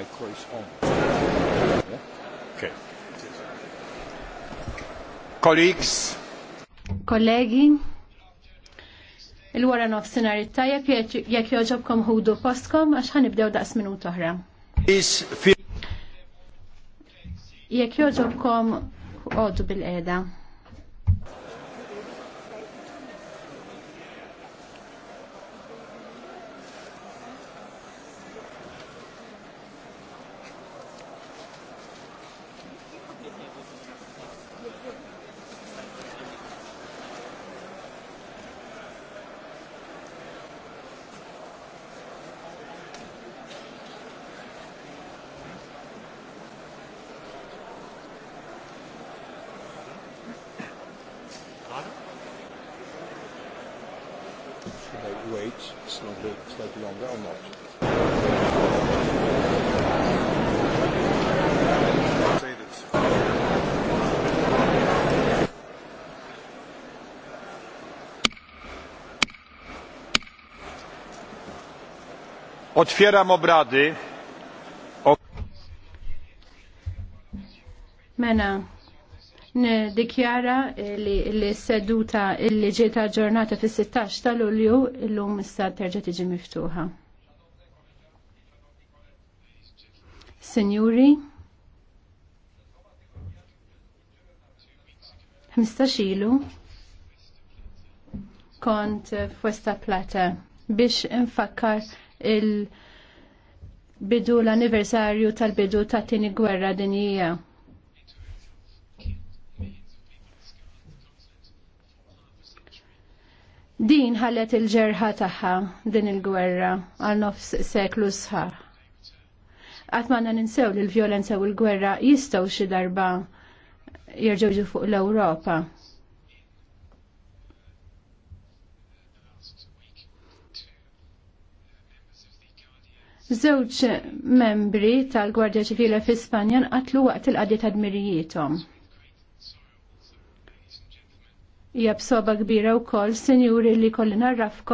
my course Yeah? Okay. Colleagues. Kollegi. Il-wara senari t-taja jekk joġobkom hudu postkom għax ibdew daqs minu oħra. Jekk joġobkom hudu bil-qeda. should I wait slightly, slightly longer or not? Otwieram obrady. Mena, Nidikjara li l-seduta li ġieta ġurnata fis-16 ta' Lulju llum issa terġa' tiġi miftuħa. Sinjuri, 15 ilu kont f'Westa Plata biex infakkar il- bidu l-anniversarju tal-bidu ta' tini gwerra dinija. Din ħallet il-ġerħa tagħha din il-gwerra għal nofs seklu sħaħ. Għatmanna ninsew li l-violenza u l-gwerra jistaw xi darba jirġawġu fuq l-Ewropa. Żewġ membri tal-Gwardja Ċivila fi Spanja nqatlu waqt il-qadi ta' hija bsoba kbira wkoll, sinjuri li kolli narrafkom.